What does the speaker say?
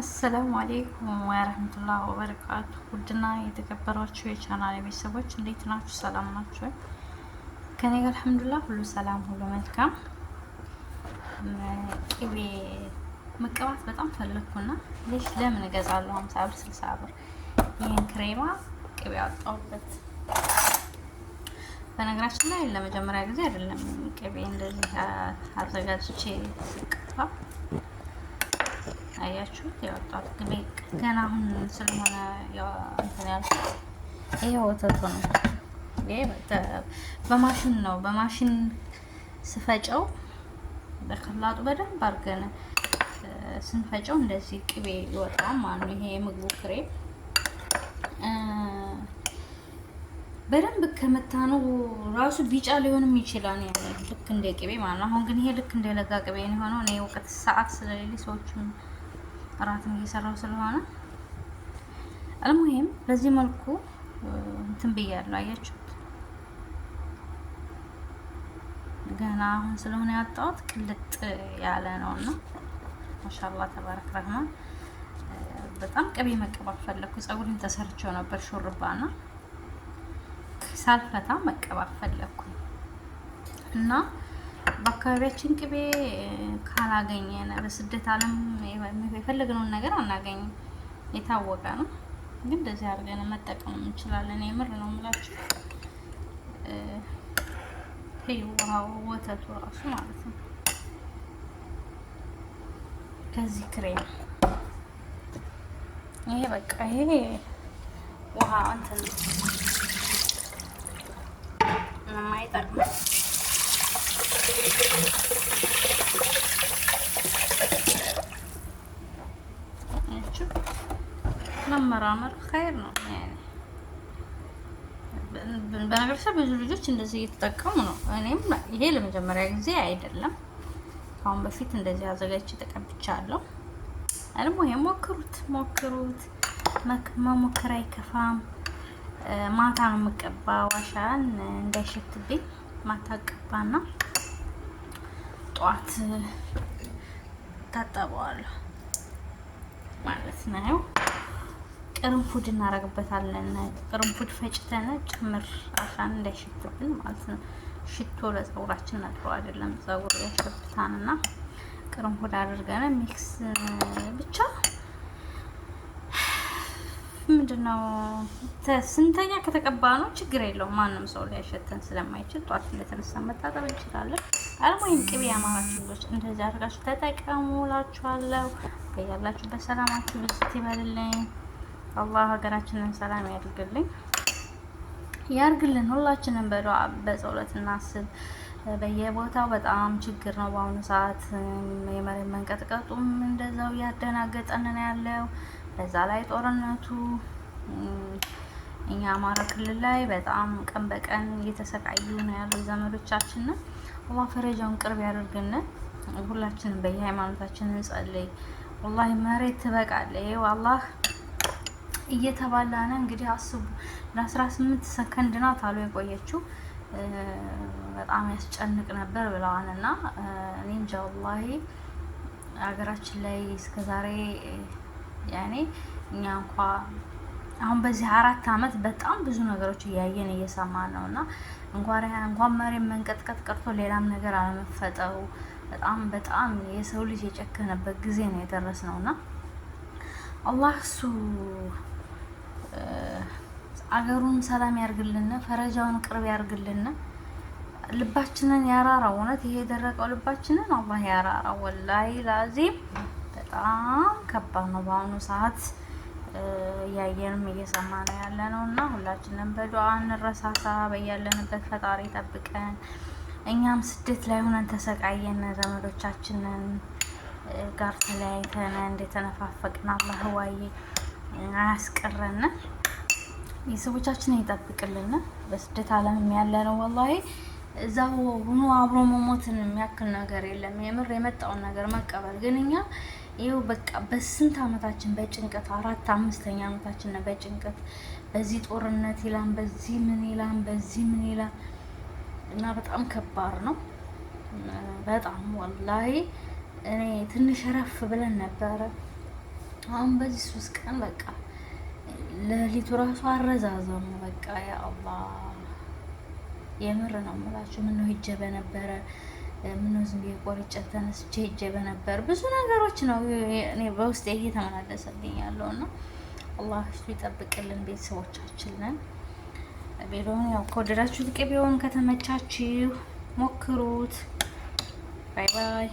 አሰላሙ አሌይኩም ወረህመቱላህ ወበረካቱ። ውድና የተከበሯችሁ የቻናል ቤተሰቦች እንዴት ናችሁ? ሰላም ናችሁ? ከኔ ጋር አልሐምዱሊላህ ሁሉ ሰላም፣ ሁሉ መልካም። ቅቤ መቀባት በጣም ፈለግኩና ልጅ ለምን እገዛለሁ ሀምሳ ብር ስልሳ ብር ይህን ክሬማ ቅቤ አወጣሁበት። በነገራችን ላይ ለመጀመሪያ ጊዜ አይደለም ቅቤ እንደዚህ አዘጋጅቼ ስቀባ አያችሁት? ያወጣት ግቤ ገና አሁን ስለሆነ እንትን ያልኩት ይሄ ወተቱ ነው። በማሽን ነው በማሽን ስፈጨው በከላጡ በደንብ አድርገን ስንፈጨው እንደዚህ ቅቤ ይወጣል ማለት ነው። ይሄ የምግቡ ክሬም በደንብ ከመታኑ ራሱ ቢጫ ሊሆንም ይችላል። ልክ እንደ ቅቤ ማለት ነው። አሁን ግን ይሄ ልክ እንደ ለጋ ቅቤ የሆነው እኔ እውቀት ሰዓት ስለሌለ ሰዎቹን እራትም እየሰራው ስለሆነ አልሙሂም በዚህ መልኩ እንትን ብያለሁ። አያችሁት? ገና አሁን ስለሆነ ያወጣሁት ቅልጥ ያለ ነውና ማሻአላህ ተባረክ ረህማን። በጣም ቅቤ መቀባት ፈለኩ። ጸጉሬን ተሰርቼው ነበር ሹርባና ሳልፈታ መቀባት ፈለኩ እና በአካባቢያችን ቅቤ ካላገኘን በስደት ዓለም የፈለግነውን ነገር አናገኝም፣ የታወቀ ነው። ግን እንደዚህ አድርገን መጠቀም እንችላለን። የምር ነው የምላችሁ። ውሃው ወተቱ ራሱ ማለት ነው። ከዚህ ክሬም ይሄ በቃ ይሄ ውሃ እንትን የማይጠቅም መመራመር ኸይር ነው። በነገራችን ብዙ ልጆች እንደዚህ እየተጠቀሙ ነው። እኔም ይሄ ለመጀመሪያ ጊዜ አይደለም። ከአሁን በፊት እንደዚህ አዘጋጅቼ ተቀብቻለሁ። ደግሞ ይሄ ሞክሩት ሞክሩት፣ መሞከር አይከፋም። ማታ ነው የምቀባ፣ ዋሻን እንዳይሸትብኝ ማታ ቀባና ጠዋት ታጠበዋለሁ ማለት ነው። ቅርንፉድ እናደርግበታለን። ቅርንፉድ ፈጭተን ጭምር አሻን እንዳይሸትብን ማለት ነው። ሽቶ ለፀጉራችን ጥሩ አይደለም። ፀጉር ያሸብታንና ቅርንፉድ አድርገን ሚክስ ብቻ ምንድነው ስንተኛ ከተቀባ ነው ችግር የለውም። ማንም ሰው ሊያሸተን ስለማይችል ጧት እንደተነሳ መታጠብ እንችላለን። አለም ወይም ቅቤ ያማራችሁ ልጆች እንደዚህ አድርጋችሁ ተጠቀሙላችኋለሁ። በያላችሁበት በሰላማችሁ ብዝት ይበልልኝ። አላህ ሀገራችንን ሰላም ያድርግልኝ ያርግልን ሁላችንም በዱዓ በጸሎት እናስብ። በየቦታው በጣም ችግር ነው በአሁኑ ሰዓት። የመሬት መንቀጥቀጡም እንደዛው እያደናገጠን ነው ያለው። በዛ ላይ ጦርነቱ እኛ አማራ ክልል ላይ በጣም ቀን በቀን እየተሰቃዩ ነው ያሉ ዘመዶቻችን። አላህ ፈረጃውን ቅርብ ያደርግን። ሁላችንም በየሃይማኖታችን እንጸልይ። ወላሂ መሬት ትበቃለህ። ይኸው አላህ እየተባላ ነው እንግዲህ አስቡ። ለአስራ ስምንት ሰከንድ ናት አሉ የቆየችው በጣም ያስጨንቅ ነበር ብለዋል። እና እኔ እንጃ ወላሂ ሀገራችን ላይ እስከዛሬ ያኔ እኛ እንኳ አሁን በዚህ አራት አመት በጣም ብዙ ነገሮች እያየን እየሰማን ነው እና እንኳን እንኳን መሬት መንቀጥቀጥ ቀርቶ ሌላም ነገር አለመፈጠሩ በጣም በጣም የሰው ልጅ የጨከነበት ጊዜ ነው የደረስ ነው እና አላህ እሱ አገሩን ሰላም ያርግልን፣ ፈረጃውን ቅርብ ያርግልን። ልባችንን ያራራው እውነት ይሄ የደረቀው ልባችንን አላህ ያራራው። ወላይ ላዚም በጣም ከባድ ነው በአሁኑ ሰዓት እያየንም እየሰማ ነው ያለ ነው እና ሁላችንም በዱዓ እንረሳሳ። በያለንበት ፈጣሪ ጠብቀን፣ እኛም ስደት ላይ ሆነን ተሰቃየን፣ ዘመዶቻችንን ጋር ተለያይተን እንደተነፋፈቅን አላህ ዋዬ አያስቀረን፣ የሰዎቻችን ይጠብቅልን። በስደት ዓለም ያለ ነው ወላሂ እዛው ሆኖ አብሮ መሞትን የሚያክል ነገር የለም። የምር የመጣውን ነገር መቀበል ግን እኛ ይኸው በቃ በስንት ዓመታችን በጭንቀት አራት አምስተኛ ዓመታችን ነው በጭንቀት በዚህ ጦርነት ይላም በዚህ ምን ይላም በዚህ ምን ይላም እና በጣም ከባድ ነው። በጣም ወላሂ እኔ ትንሽ ረፍ ብለን ነበረ አሁን በዚህ ሶስት ቀን በቃ ለሊቱ ራሱ አረዛዘሙ በቃ ያ አላህ የምር ነው የምላችሁ። ምነው ሂጄ በነበረ ምነው ዝም ብዬ ቆርጬ ተነስቼ ሂጄ በነበር ብዙ ነገሮች ነው እኔ በውስጤ ይሄ ተመላለሰልኝ ያለው እና አላህ እሱ ይጠብቅልን። ቤተሰቦቻችንን ቤሎን ያው ከወደዳችሁት ቅቤውን ከተመቻችሁ ሞክሩት። ባይ ባይ።